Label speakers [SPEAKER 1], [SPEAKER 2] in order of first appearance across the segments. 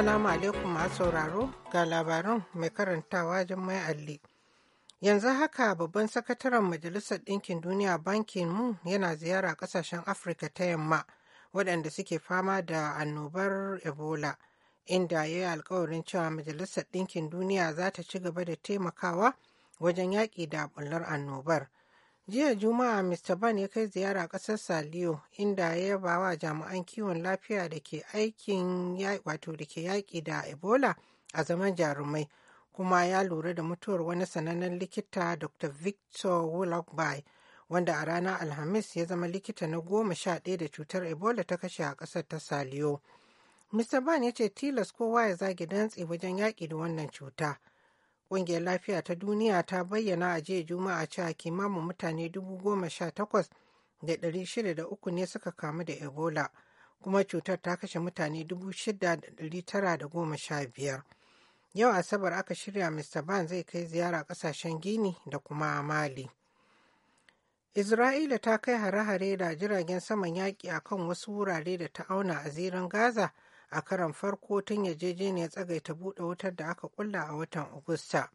[SPEAKER 1] Assalamu alaikum masu sauraro ga labaran mai karantawa Jummai Alli. Yanzu haka babban sakataren Majalisar Ɗinkin Duniya bankin mu yana ziyara ƙasashen Afirka ta yamma waɗanda suke fama da annobar Ebola, inda ya yi alkawarin cewa Majalisar Ɗinkin Duniya za ta ci gaba da taimakawa wajen yaƙi da annobar. jiya juma'a mr ban ya kai ziyara kasar saliyo inda ya yaba wa jami'an kiwon lafiya da ke aikin wato da ke yaƙi da ebola a zaman jarumai kuma ya lura da mutuwar wani sanannen likita dr victor wulogby wanda a ranar alhamis ya zama likita na goma sha ɗaya da cutar ebola ta kashe a ƙasar ta saliyo mr ban ya ce tilas kowa ya zagi dantse wajen yaƙi da wannan cuta ƙungiyar lafiya ta duniya ta bayyana a jiya juma'a cewa kimanin mutane dubu goma sha takwas da ɗari shida da uku ne suka kamu da ebola kuma cutar ta kashe mutane dubu shida da ɗari tara da goma sha biyar yau asabar aka shirya mr ban zai kai ziyara ƙasashen gini da kuma mali isra'ila ta kai hare-hare da jiragen saman yaƙi a kan wasu wurare da ta auna a zirin gaza a karan farko tun yarjejeniyar tsagaita buɗe wutar da aka kulla a watan Agusta.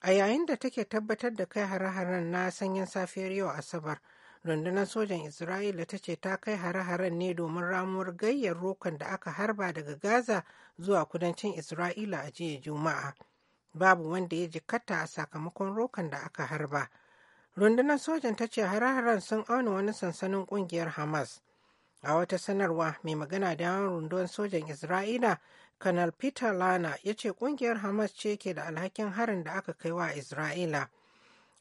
[SPEAKER 1] A yayin da take tabbatar da kai hare-haren na sanyin safiyar yau Asabar, rundunar sojan Isra'ila ta ce ta kai hare-haren ne domin ramuwar gayyar rokan da aka harba daga Gaza zuwa kudancin Isra'ila a jiya Juma'a. Babu wanda ya jikkata a sakamakon rokan da aka harba. Rundunar sojan ta ce hare-haren sun auna wani sansanin kungiyar Hamas. a wata sanarwa mai magana da yawan rundunar sojan isra'ila kanal peter lana ya ce kungiyar hamas ce ke da alhakin harin da aka kai wa isra'ila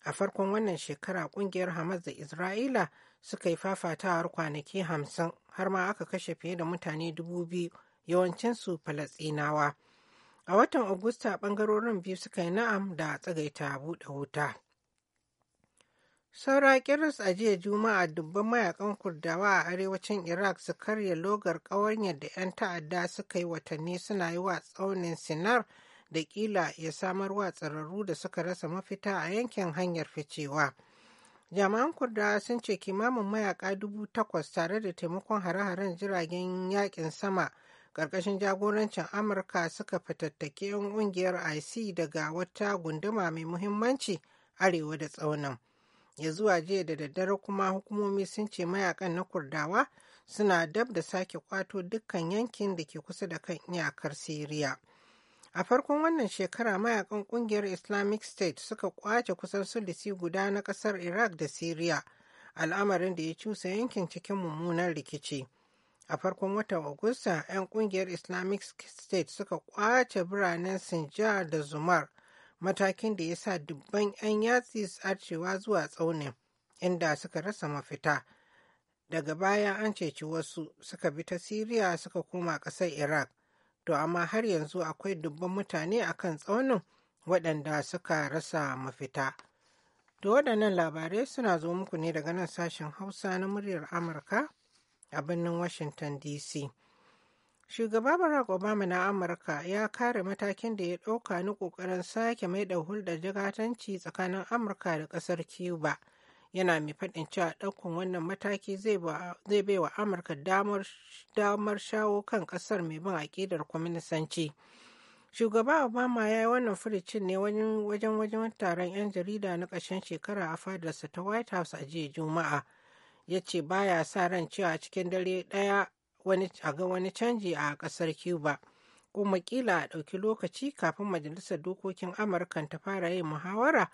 [SPEAKER 1] a farkon wannan shekara kungiyar hamas da isra'ila suka yi fafatawar kwanaki hamsin har ma aka kashe fiye da mutane dubu biyu yawancinsu falasinawa a watan agusta bangarorin biyu suka yi na'am da tsagaita buɗe wuta Saura kiris a jiya Juma'a dubban mayakan Kurdawa a arewacin Iraq su karya logar ƙawanyar da 'yan ta'adda suka yi watanni suna yi wa tsaunin Sinar da kila ya samar wa tsararru da suka rasa mafita a yankin hanyar ficewa. Jami'an Kurdawa sun ce kimamin mayaka dubu takwas tare da taimakon hare-haren jiragen yakin sama ƙarƙashin jagorancin Amurka suka fitattake 'yan ƙungiyar IC daga wata gunduma mai muhimmanci arewa da tsaunin. ya zuwa jiya da daddare kuma hukumomi sun ce mayakan na kurdawa suna dab da sake kwato dukkan yankin da ke kusa da kan iyakar siriya a farkon wannan shekara mayakan kungiyar islamic state suka kwace kusan sulisi guda na kasar iraq da siriya al'amarin da ya cusa yankin cikin mummunan rikici a farkon watan agusta 'yan kungiyar islamic state suka kwace biranen sinjar da zumar matakin da ya sa dubban 'yan yatsi arcewa zuwa tsaunin inda suka rasa mafita daga baya an ceci wasu suka bi ta siriya suka koma ƙasar iraq to amma har yanzu akwai dubban mutane a kan tsaunin waɗanda suka rasa mafita to waɗannan labarai suna zo muku ne daga nan sashen hausa na muryar amurka a birnin washington dc Shugaba Barack Obama na Amurka ya kare matakin da ya ɗauka na ƙoƙarin sake mai da hulɗar jigatanci tsakanin Amurka da ƙasar Cuba. Yana mai faɗin cewa ɗaukun wannan mataki zai bai wa Amurka damar shawo kan ƙasar mai bin aƙidar kwaminisanci. Shugaba Obama ya yi wannan furicin ne wajen wajen taron 'yan jarida na ƙarshen shekara a fadarsa ta White House a jiya Juma'a. ya ce baya sa ran cewa cikin dare ɗaya A ga wani canji a ƙasar cuba kuma kila a ɗauki lokaci kafin majalisar dokokin Amurkan ta fara yin muhawara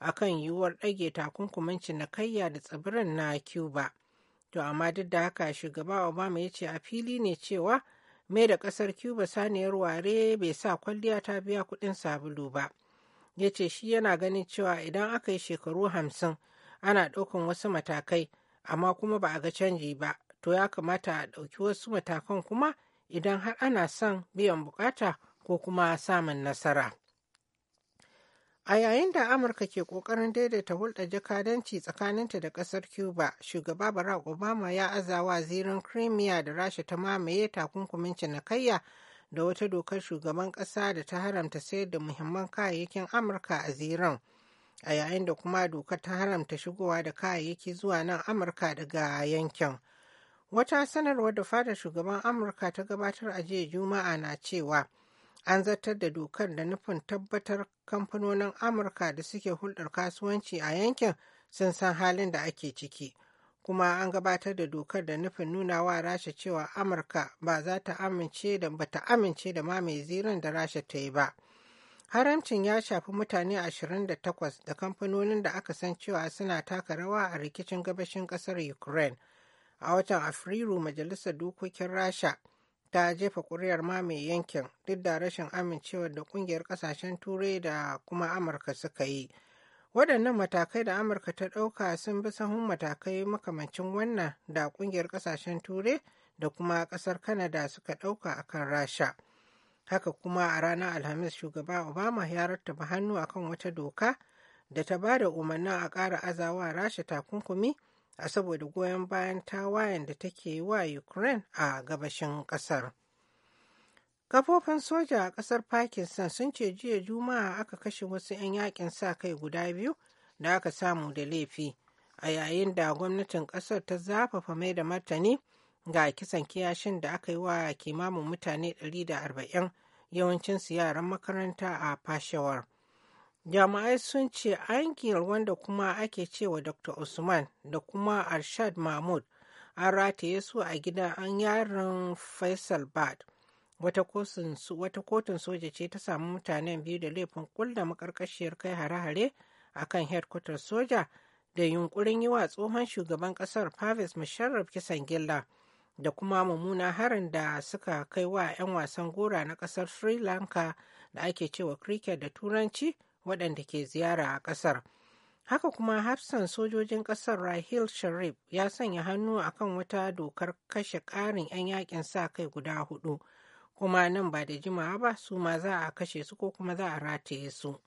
[SPEAKER 1] a kan yiwuwar ɗage takunkumin kayya da tsibirin na cuba to amma duk da haka shugaba obama ya ce a fili ne cewa mai da ƙasar cuba saniyar ware bai sa kwalliya ta biya kuɗin sabulu ba ya ce shi yana ganin cewa idan aka yi shekaru hamsin ana ɗaukan wasu matakai amma kuma ba a ga canji ba to ya kamata a ɗauki wasu matakan kuma idan har ana son biyan bukata ko kuma samun nasara. A yayin da Amurka ke ƙoƙarin daidaita hulɗar jakadanci tsakaninta da ƙasar Cuba, shugaba Barack Obama ya azawa zirin Crimea da Rasha ta mamaye takunkumin cinikayya da wata dokar shugaban ƙasa da ta haramta sayar da muhimman kayayyakin Amurka a zirin. A yayin da kuma dokar ta haramta shigowa da kayayyaki zuwa nan Amurka daga yankin. Wata sanarwar da fadar shugaban Amurka ta gabatar a jiya Juma'a na cewa an zartar da dokar da nufin tabbatar kamfanonin Amurka da suke hulɗar kasuwanci a yankin sun san halin da ake ciki. Kuma an gabatar da dokar da nufin nuna wa Rasha cewa Amurka ba za ta amince da bata amince da ma mai ziran da Rasha ta yi ba. Haramcin ya shafi mutane 28 da kamfanonin da aka san cewa suna taka rawa a rikicin gabashin ƙasar Ukraine. a watan afrilu majalisar dokokin rasha ta jefa ƙuri'ar mai yankin duk da rashin amincewa da ƙungiyar ƙasashen turai da kuma amurka suka yi waɗannan matakai da amurka ta ɗauka sun bi sahun matakai makamancin wannan da ƙungiyar ƙasashen turai da kuma ƙasar Kanada suka ɗauka akan rasha haka kuma a ranar alhamis shugaba obama ya rattaba hannu akan wata doka da ta ba da umarnin a ƙara azawa rasha takunkumi a saboda goyon bayan tawayen da take yi wa Ukraine a gabashin ƙasar. Kafofin soja a ƙasar Pakistan sun ce jiya Juma'a aka kashe wasu 'yan yakin sa kai guda biyu da aka samu da laifi a yayin da gwamnatin ƙasar ta zafafa mai da martani ga kisan kiyashin da aka yi wa kimamin mutane 140 yawancinsu yaran makaranta a fashewar. jama'ai sun ce angel wanda kuma ake cewa dr usman da kuma arshad mahmud an rataye su a gidan an yaron faisal bad wata kotun soja ce ta samu mutanen biyu da laifin kulla makarkashiyar kai hare-hare a kan headquarter soja da yunkurin yi wa tsohon shugaban kasar pavis musharraf kisan gilla da kuma mummuna harin da suka kai wa 'yan wasan gora na kasar sri lanka da ake cewa cricket da turanci waɗanda ke ziyara a ƙasar. Haka kuma hafsan sojojin ƙasar Rahil Sharif ya sanya hannu a kan wata dokar kashe ƙarin 'yan yakin sa kai guda hudu, kuma nan ba da jimawa ba su ma za a kashe su ko kuma za a rataye su.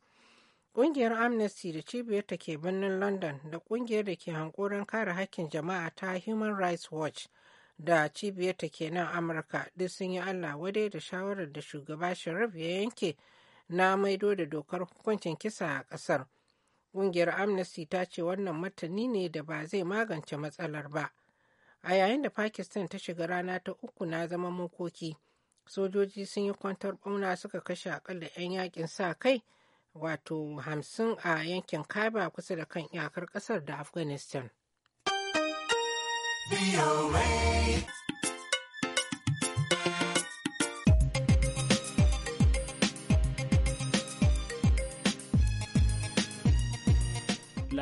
[SPEAKER 1] Ƙungiyar Amnesty da cibiyar ta ke birnin London da ƙungiyar da ke hankoron kare hakkin jama'a ta Human Rights Watch da cibiyar ta ke nan Amurka duk sun yi Allah wadai da shawarar da shugaba Sharif ya yanke na maido da dokar hukuncin kisa a ƙasar. Ƙungiyar Amnesty ta ce wannan matani ne da ba zai magance matsalar ba. A yayin da Pakistan ta shiga rana ta uku na zama makoki, sojoji sun yi kwantar ɓauna suka kashe akalla 'yan yakin sa kai wato hamsin a yankin Kaba kusa da kan iyakar ƙasar da Afghanistan.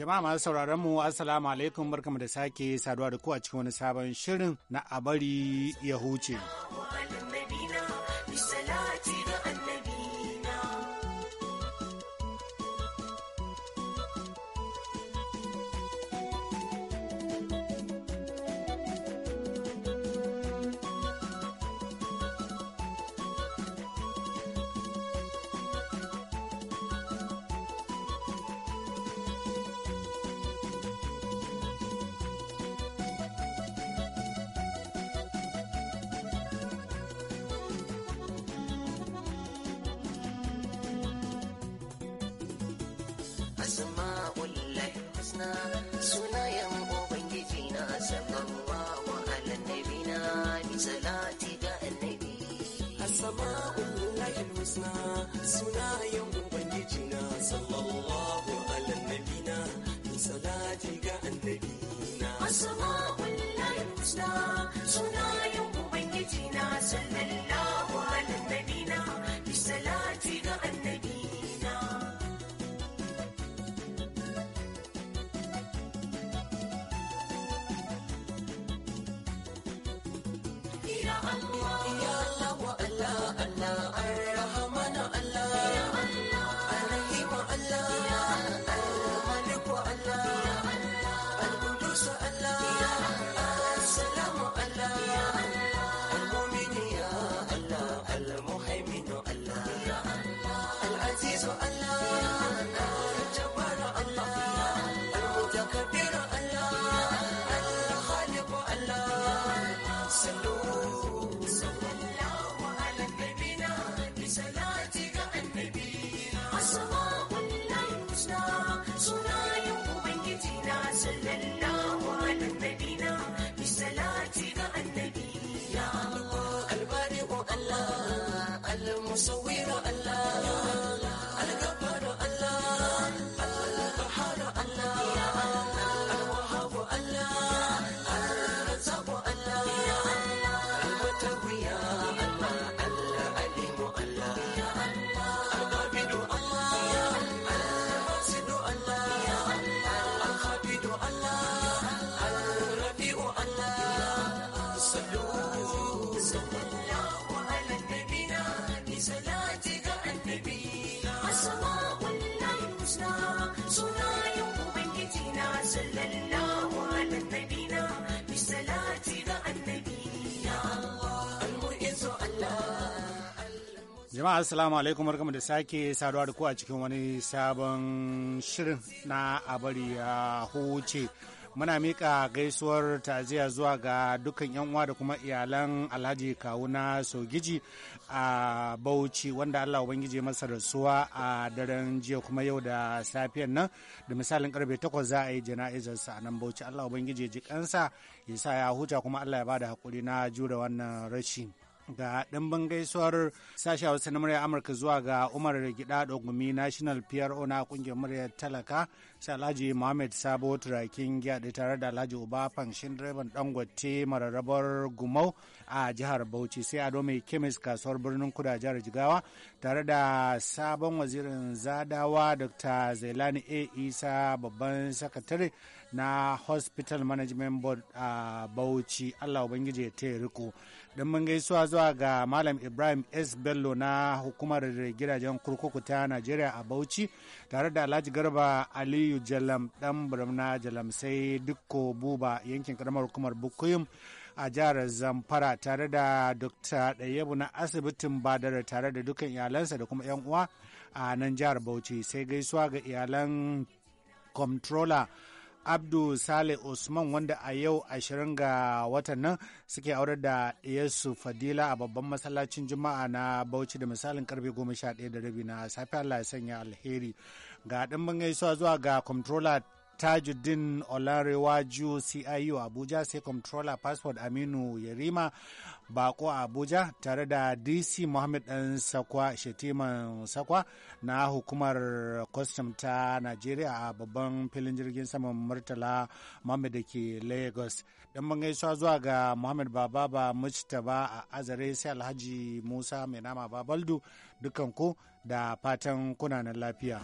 [SPEAKER 2] Jama'a masu sauraron mu Assalamu alaikum barkamu da sake saduwa da ku a cikin wani sabon shirin na abari ya huce. Jama'a assalamu alaikum barkamu da sake saduwa da ku a cikin wani sabon shirin na a bari ya huce. Muna mika gaisuwar taziya zuwa ga dukkan yan uwa da kuma iyalan Alhaji Kawuna Sogiji a Bauchi wanda Allah Ubangiji masa rasuwa a daren jiya kuma yau da safiyan nan da misalin karfe 8 za a yi jana'izar sa nan Bauchi Allah Ubangiji ji kansa ya sa ya huta kuma Allah ya bada hakuri na jure wannan rashin. da ɗimbin gaisuwar sashi hausa na murya amurka zuwa ga umar gida ɗogumi national pro na ƙungiyar muryar talaka sai alhaji Mohamed sabo turakin gyaɗe tare da alhaji uba fanshin direban dangote mararrabar gumau a jihar Bauchi sai Ado mai kemis kasuwar birnin kuda jihar Jigawa tare da sabon wazirin Zadawa Dr. Zailani A. Isa babban sakatare na Hospital Management Board a Bauchi Allah Ubangiji ya taya riko. Don mun gaisuwa zuwa ga Malam Ibrahim S. Bello na hukumar gidajen kurkuku ta Najeriya a Bauchi tare da Alhaji Garba Aliyu Jalam dan Birnin Jalam sai Dukko Buba yankin karamar hukumar Bukuyum a jihar zamfara tare da dr ɗayyabu na asibitin badara tare da dukkan iyalansa da kuma 'yan uwa a nan jihar bauchi sai gaisuwa ga iyalan comptroller abdu sale usman wanda a yau 20 ga watan nan suke aurar da yesu fadila a babban masallacin juma'a na bauchi da misalin karfe 11 da rabi na safe allah ya sanya alheri ga ɗimbin gaisuwa zuwa ga comptroller tajuddin olarewaju ciu abuja sai comptroller passport aminu yarima bako a abuja tare da dc mohammed dan sakwa shetiman sakwa na hukumar kwastam ta nigeria a babban filin jirgin saman murtala mohammed da ke lagos dan ban zuwa ga mohammed baba ba mujtaba a azare sai alhaji musa mai nama babaldu dukanku da fatan kunanan lafiya.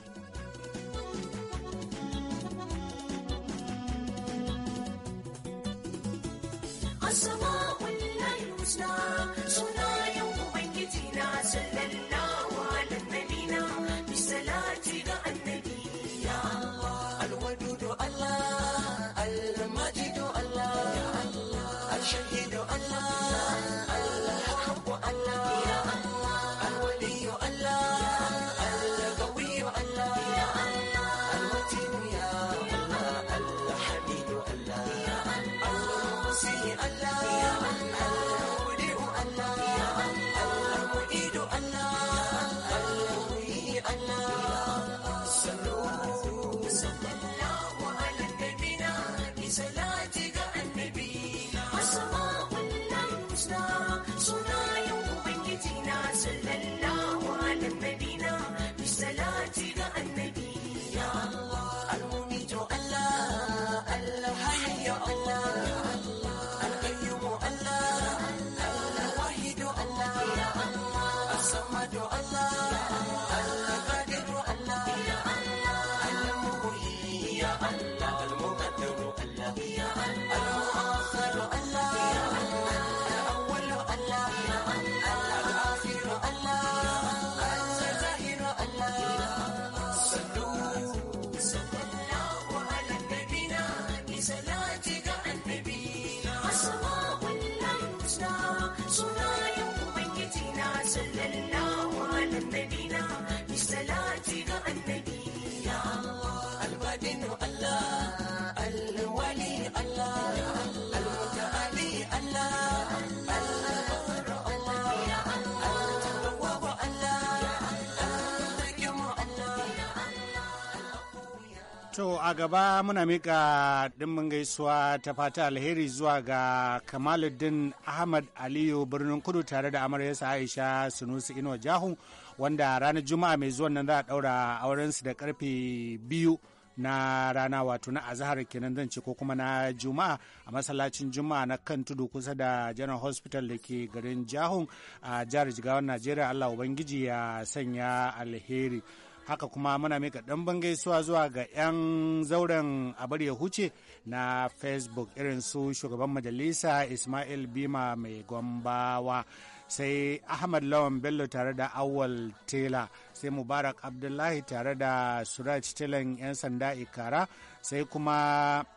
[SPEAKER 2] a gaba muna mika dimbin gaisuwa ta fata alheri zuwa ga Kamaluddin Ahmad Aliyu birnin kudu tare da amaryarsa Aisha Sunusi Ino Jahu wanda ranar Juma'a mai zuwan nan za a daura aurensu da karfe biyu na rana wato na azahar kenan zan ce ko kuma na juma'a a masallacin juma'a na kan tudu kusa da general hospital da ke garin jahun a jihar jigawar najeriya allah ubangiji ya sanya alheri haka kuma muna mika ɗan gaisuwa zuwa ga 'yan zauren a abar ya huce na facebook irin su shugaban majalisa ismail bima mai gombawa sai ahmad lawan bello tare da awal tela sai mubarak abdullahi tare da suraj tilan 'yan sanda ikara sai kuma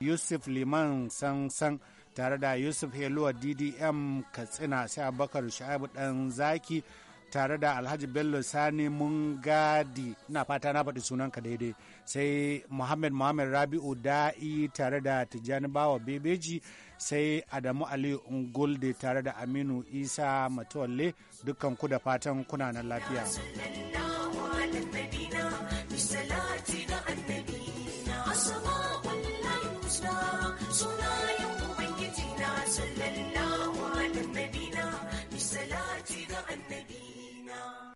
[SPEAKER 2] yusuf liman sansan tare da yusuf heluwa ddm katsina sai bakar shaibu dan zaki tare da alhaji bello sani mun gadi na fata na faɗi sunanka daidai sai muhammad muhammad rabi'u da'i tare da tijjani bawa bebeji sai adamu ali ungulde tare da aminu isa matole dukkan ku da fatan kuna nan lafiya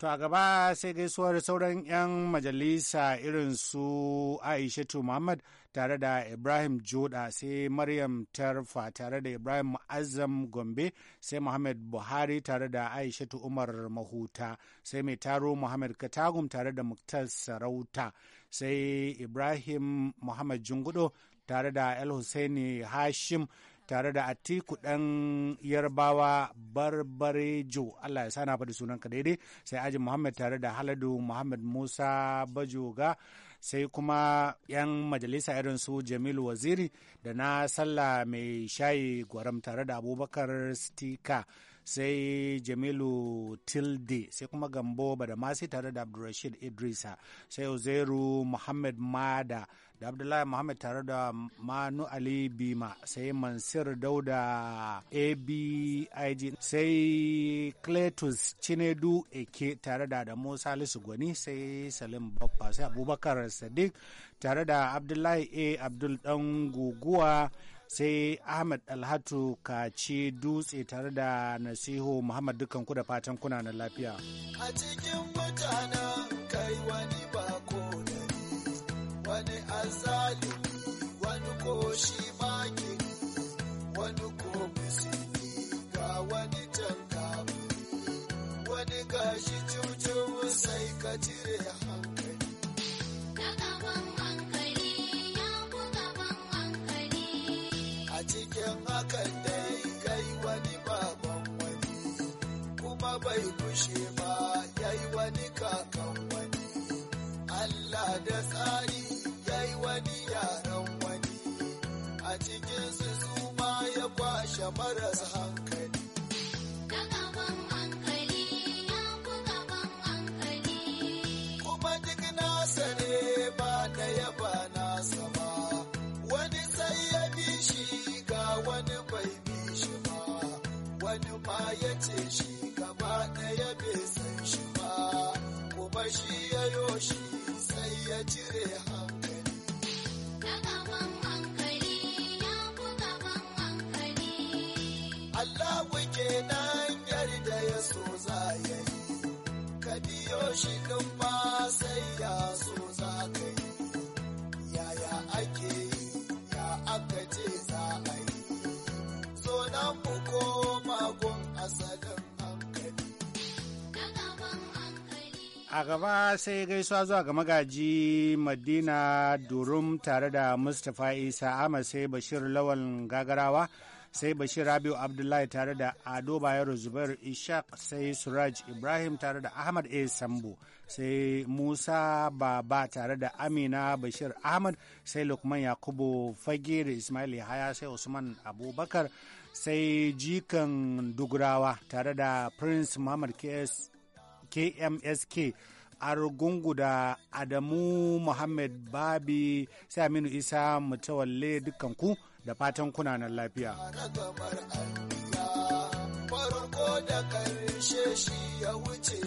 [SPEAKER 2] To a gaba sai gaisuwar sauran 'yan majalisa irin su Aishatu Muhammad tare da Ibrahim Joda sai Maryam Tarfa tare da Ibrahim Azam Gombe sai Muhammad Buhari tare da Aishatu Umar Mahuta sai mai taro Muhammad Katagum tare da Muktar Sarauta sai Ibrahim Muhammad Jungudo tare da El Hussaini Hashim tare da Atiku ɗan Yarbawa Barbarejo Allah ya sa na faɗi sunanka daidai sai Aji Muhammad tare da Haladu Muhammad Musa Bajoga sai kuma 'yan majalisa irin su Jamilu Waziri da na sallah mai shayi gwaram tare da Abubakar Stika sai Jamilu Tilde sai kuma Gambo Badamasi tare da Abdulrashid Idrisa sai Uzairu Muhammad Mada da abdullahi muhammad tare da manu ali bima sai mansir dauda abig sai cletus chinedu eke tare da adamu salisu gwani sai salim baffa sai abubakar sadiq tare da abdullahi a abdul dan guguwa sai Ahmed alhatu kaci dutse tare da nasihu muhammad dukanku da fatan kuna na lafiya
[SPEAKER 3] a cikin mutanen kai wani ba wani azalimi wani ko shi makiri wani ko musulmi ga wani tangabi wani gashi cucin sai ka cire hankali a cikin hakan dai kai wani baban wani kuma bai kushe ba da marasa hankali. Kuma duk nasa ne ba da yaba nasa ba, wani sai ya bi shi ga wani bai bi shi ba, wani ma ya ce shi gaba ɗaya bai san shi ba, kuma shi ya yo shi sai ya cire hankali.
[SPEAKER 2] a gaba sai gaisuwa zuwa ga magaji madina durum tare da mustapha isa ahmad sai bashir lawal gagarawa sai bashir rabiu abdullahi tare da ado bayero zubair ishaq sai suraj ibrahim tare da ahmad a sambo sai musa baba tare da amina bashir ahmad sai lukman yakubu fage da ismail haya sai usman abubakar sai jikan dugurawa tare da prince muhammad ks KMSK Argungu da Adamu Muhammad Babi saminu Isa Mutawalle dukkanku da fatan kuna nan lafiya.
[SPEAKER 3] Farko da ƙarshe shi ya wuce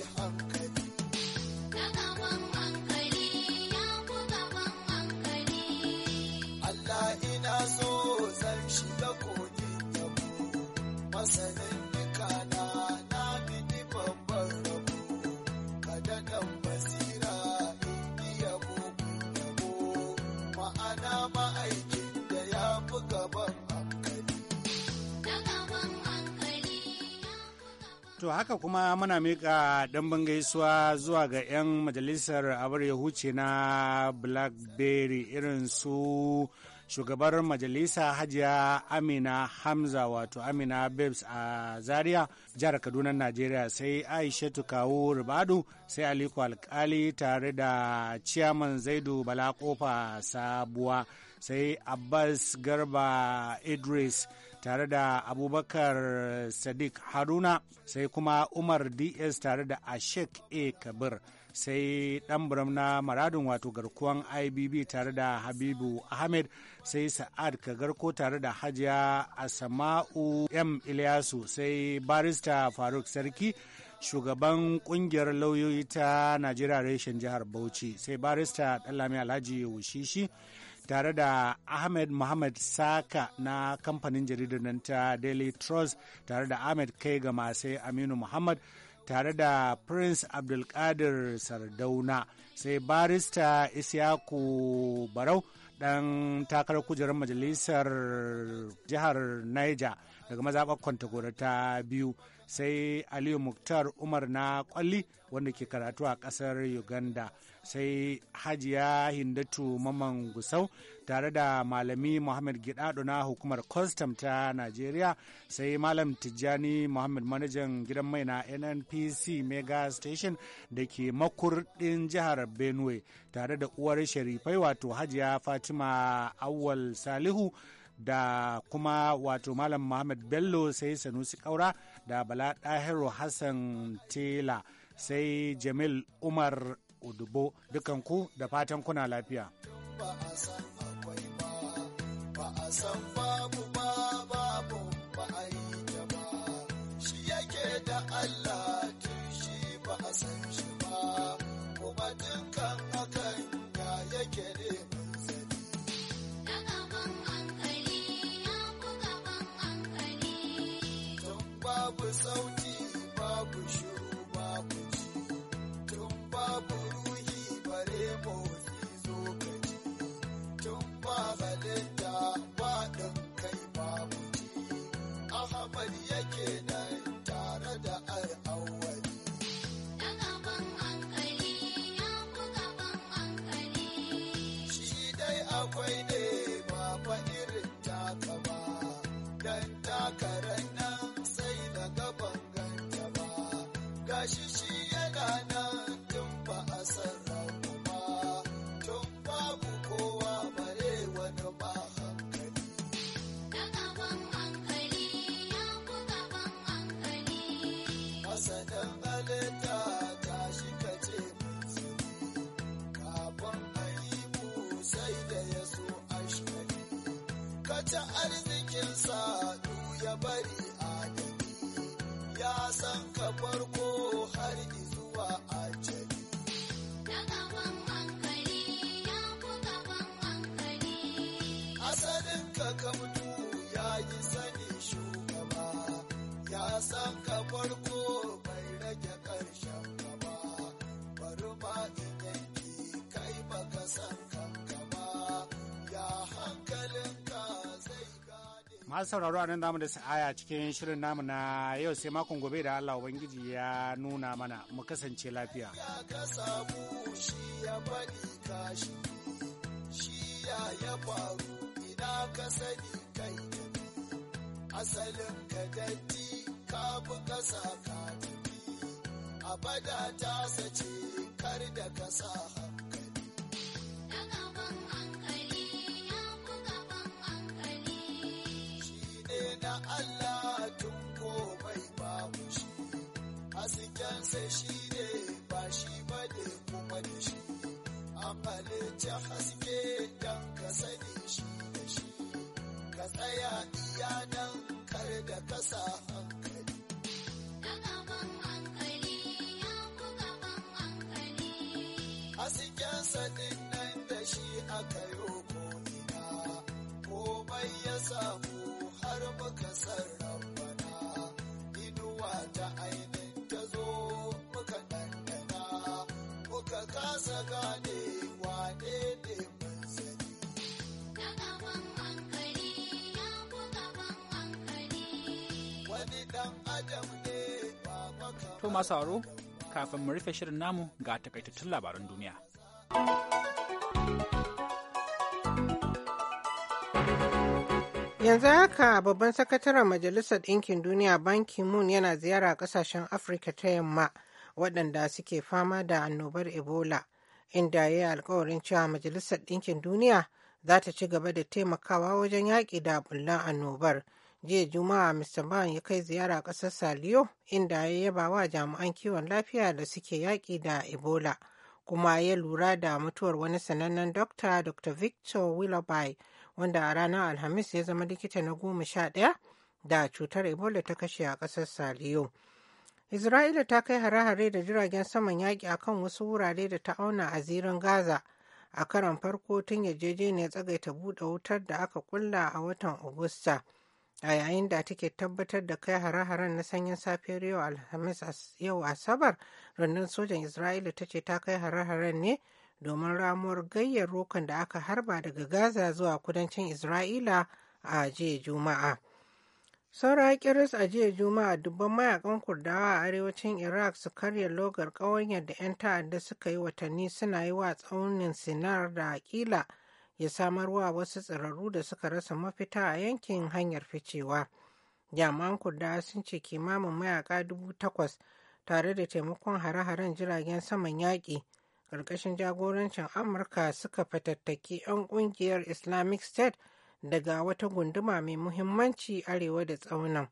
[SPEAKER 2] To haka kuma muna mika ɗan gaisuwa zuwa ga 'yan majalisar abar huce na Blackberry irin su shugabar majalisa hajiya Amina Hamza wato Amina Babes a Zaria jihar Kaduna Najeriya sai Aishatu Kawo Ribadu sai Aliko Alkali tare da Ciyaman Zaidu Bala ƙofa Sabuwa sai Abbas Garba Idris tare da abubakar sadiq haruna sai kuma umar ds tare da ashek a kabir sai ɗanburam na maradin wato garkuwan ibb tare da habibu ahmed sai sa'ad kagarko tare da hajiya asama'u m ilyasu sai barista faruk sarki shugaban kungiyar lauyoyi ta najeriya reshen jihar bauchi sai barista ɗanlami alhaji wushishi tare da Ahmed Mohamed Saka na kamfanin jaridar nan ta Daily Trust tare da Ahmed Kai ga masai Aminu Muhammad tare da Prince Abdulkadir Sardauna sai barista Isiyaku Barau ɗan takarar kujerar majalisar jihar Niger daga mazaɓar Kwantagoro ta biyu. sai aliyu muktar umar na kwalli wanda ke karatu a kasar uganda sai hajiya hindatu maman gusau tare da malami Muhammad Gidado na hukumar Custom ta nigeria sai Malam Tijjani Muhammad manajan gidan mai na NNPC Mega Station da ke makurdin jihar Benue tare da uwar Sharifai wato Hajiya Fatima Awal Salihu da kuma wato Malam Muhammad Bello sai Sanusi Kaura da Bala Dahiru Hassan Tela sai Jamil Umar Udubo dukan ku da fatan kuna lafiya.
[SPEAKER 3] Ba a san babu.
[SPEAKER 2] masu sauraro a nan damu da sa'aya cikin shirin namu na yau sai makon gobe da Allah Ubangiji ya nuna mana mu kasance lafiya.
[SPEAKER 3] Asalin ka datti ka fi kasa ka abada ta sace kar da kasa da shi ne ba shi ba ne kuma da shi an halitta haske don ka sani shi da shi ka tsaya iya nan kar da kasa hankali Hasken sanin nan da shi aka yi ko'ina, komai ya samu har muka sarrafa inuwa ta aini. To
[SPEAKER 4] masu aro, kafin mu rufe shirin namu ga takaitattun labaran duniya.
[SPEAKER 1] Yanzu haka babban sakataren Majalisar Ɗinkin Duniya Ban moon yana ziyara ƙasashen Afirka ta yamma waɗanda suke fama da annobar Ebola. inda ya yi alkawarin cewa majalisar ɗinkin duniya za ta ci gaba da taimakawa wajen yaƙi da bullan annobar jiya juma'a mr ban ya kai ziyara ƙasar saliyo inda ya yaba wa jami'an kiwon lafiya da suke yaƙi da ebola kuma ya lura da mutuwar wani sanannen dokta dr victor willoughby wanda a ranar alhamis ya zama likita na goma sha ɗaya da cutar ebola ta kashe a ƙasar saliyo Isra'ila ta kai hare-hare da jiragen saman yaƙi a kan wasu wurare da ta auna a zirin Gaza a karon farko tun yarjejeniyar tsagaita buɗe wutar da aka kulla a watan Agusta. A yayin da take tabbatar da kai hare-haren na sanyin safiyar yau Alhamis yau Asabar, rundun sojan Isra'ila ta ce ta kai hare-haren ne domin ramuwar gayyar rokan da aka harba daga Gaza zuwa kudancin Isra'ila a jiya Juma'a. Saura kiris a jiya Juma'a dubban mayakan Kurdawa a arewacin Iraq su karya logar ƙawanyar da 'yan ta'adda suka yi watanni suna yi wa tsaunin Sinar da kila ya samarwa wasu tsirarru da suka rasa mafita a yankin hanyar ficewa. Jami'an Kurdawa sun ce kimamin mayaka dubu takwas tare da taimakon hare-haren jiragen saman yaƙi ƙarƙashin jagorancin Amurka suka fatattaki 'yan ƙungiyar Islamic State daga wata gunduma mai muhimmanci arewa da tsaunin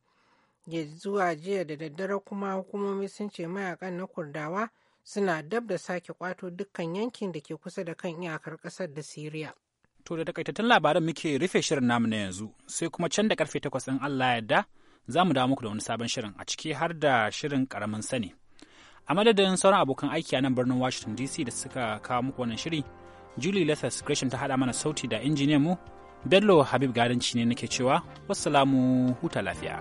[SPEAKER 1] ya zuwa jiya da daddare kuma hukumomi sun ce mayakan na kurdawa suna dab da sake kwato dukkan yankin da ke kusa da kan iyakar kasar da siriya
[SPEAKER 4] to da takaitattun labaran muke rufe shirin namu na yanzu sai kuma can da karfe takwas in allah yadda za mu dawo muku da wani sabon shirin a ciki har da shirin karamin sani a madadin sauran abokan aiki a nan birnin washington dc da suka kawo muku wannan shiri julie lethas gresham ta haɗa mana sauti da injiniyan mu Bello Habib Gadanci ne nake cewa, wassalamu huta lafiya.